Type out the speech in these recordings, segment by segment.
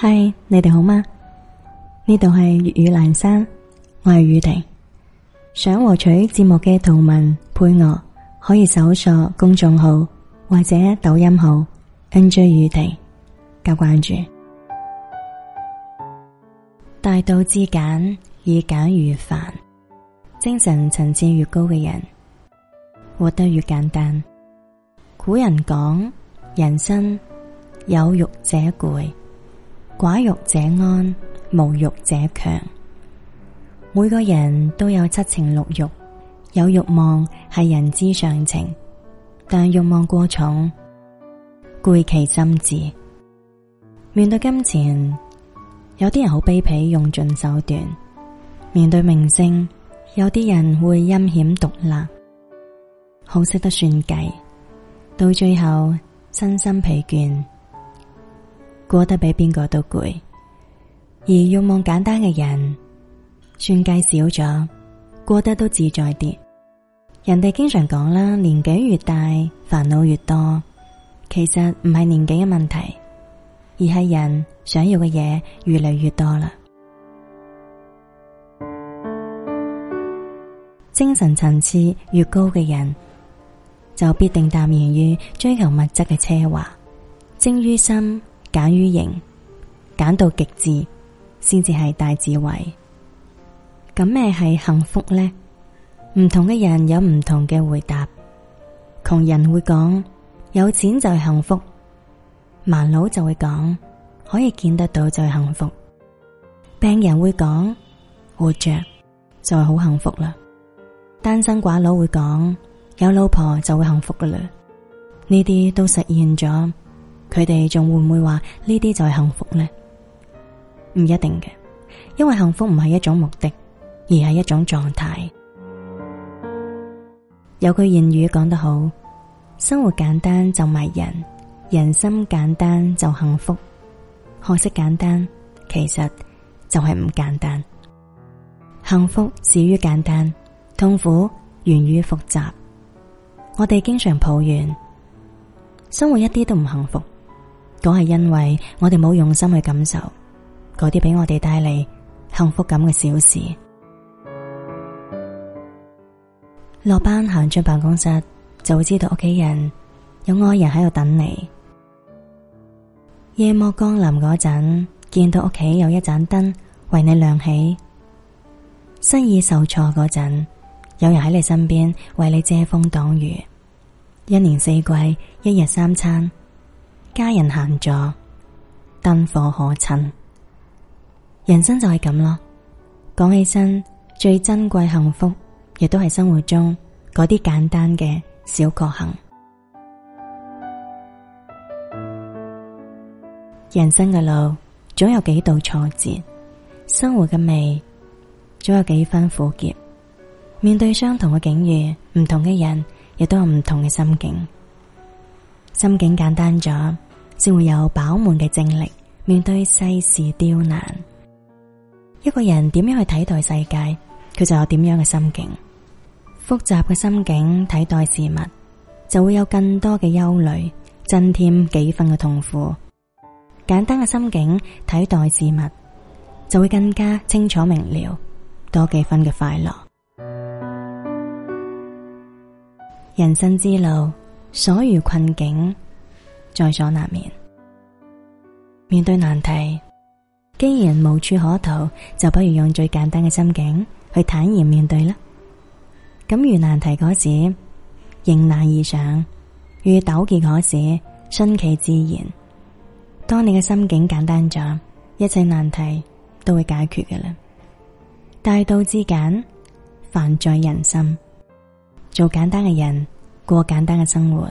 嗨，Hi，你哋好嗎？呢度係粵語闌珊，我係雨婷。想獲取節目嘅圖文配樂，可以搜索公眾號或者抖音號 N J 雨婷，加關注。大道至簡，以簡愈繁。精神層次越高嘅人，活得越簡單。古人講：人生有欲者攰。寡欲者安，無欲者強。每個人都有七情六欲，有欲望係人之常情，但欲望過重，攰其心智。面對金錢，有啲人好卑鄙，用盡手段；面對名聲，有啲人會陰險毒辣，好識得算計，到最後身心疲倦。過得比邊個都攰，而欲望簡單嘅人，算計少咗，過得都自在啲。人哋經常講啦，年紀越大，煩惱越多。其實唔係年紀嘅問題，而係人想要嘅嘢，越嚟越多啦。精神層次越高嘅人，就必定淡然於追求物質嘅奢華，精於心。.簡於形，簡到極致，先至係大智慧。咁咩係幸福呢？唔同嘅人有唔同嘅回答。窮人會講，有錢就係幸福。盲佬就會講，可以見得到就係幸福。病人會講，活着就係好幸福啦。單身寡佬會講，有老婆就會幸福噶啦。呢啲都實現咗。佢哋仲會唔會話呢啲就係幸福呢？唔一定嘅，因為幸福唔係一種目的，而係一種狀態。有句諺語講得好：生活簡單就迷人，人心簡單就幸福。可惜簡單其實就係唔簡單。幸福始於簡單，痛苦源於複雜。我哋經常抱怨生活一啲都唔幸福。嗰係因為我哋冇用心去感受嗰啲俾我哋帶嚟幸福感嘅小事。落班行出辦公室，就會知道屋企人有愛人喺度等你。夜幕降臨嗰陣，見到屋企有一盞燈為你亮起。生意受挫嗰陣，有人喺你身邊為你遮風擋雨。一年四季，一日三餐。家人行咗，燈火可趁。人生就係咁咯，講起身最珍貴幸福，亦都係生活中嗰啲簡單嘅小確幸。人生嘅路總有幾度挫折，生活嘅味總有幾分苦澀。面對相同嘅境遇，唔同嘅人亦都有唔同嘅心境。心境簡單咗。先會有飽滿嘅精力面對世事刁難。一個人點樣去睇待世界，佢就有點樣嘅心境。複雜嘅心境睇待事物，就會有更多嘅憂慮，增添幾分嘅痛苦。簡單嘅心境睇待事物，就會更加清楚明了，多幾分嘅快樂。人生之路，所遇困境。在所難免。面對難題，既然無處可逃，就不如用最簡單嘅心境去坦然面對啦。咁遇難題嗰時，迎難而上；遇糾結嗰時，順其自然。當你嘅心境簡單咗，一切難題都會解決嘅啦。大道至簡，煩在人心。做簡單嘅人，過簡單嘅生活。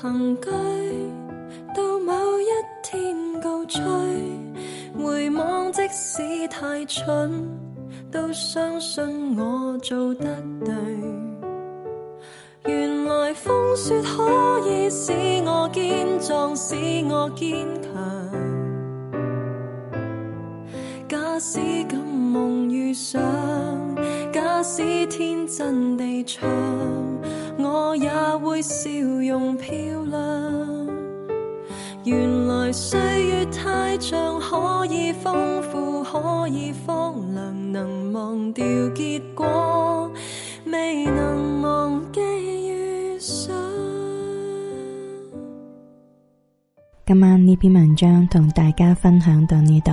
憑居到某一天告吹，回望即使太蠢，都相信我做得對。原來風雪可以使我堅壯，使我堅強。假使敢夢遇上，假使天真地唱。我也會笑容漂亮，原來歲月太長，可以豐富，可以荒涼，能忘掉結果，未能忘記遇上。今晚呢篇文章同大家分享到呢度，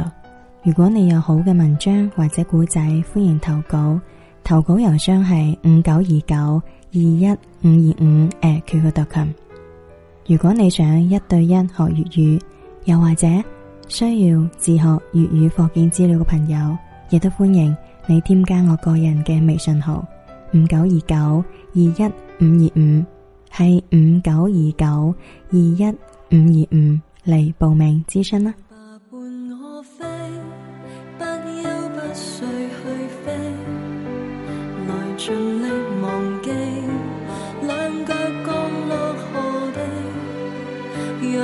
如果你有好嘅文章或者古仔，歡迎投稿。投稿郵箱係五九二九二一五二五誒，qq.com。如果你想一對一學粵語，又或者需要自學粵語課件資料嘅朋友，亦都歡迎你添加我個人嘅微信號五九二九二一五二五，係五九二九二一五二五嚟報名諮詢啦。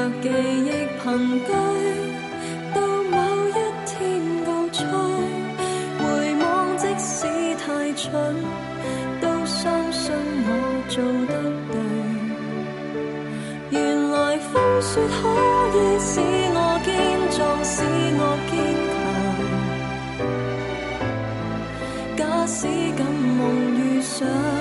若記憶憑據，到某一天告吹，回望即使太蠢，都相信我做得對。原來風雪可以使我堅壯，使我堅強。假使敢夢與想。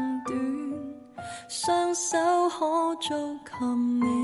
雙手可觸及你。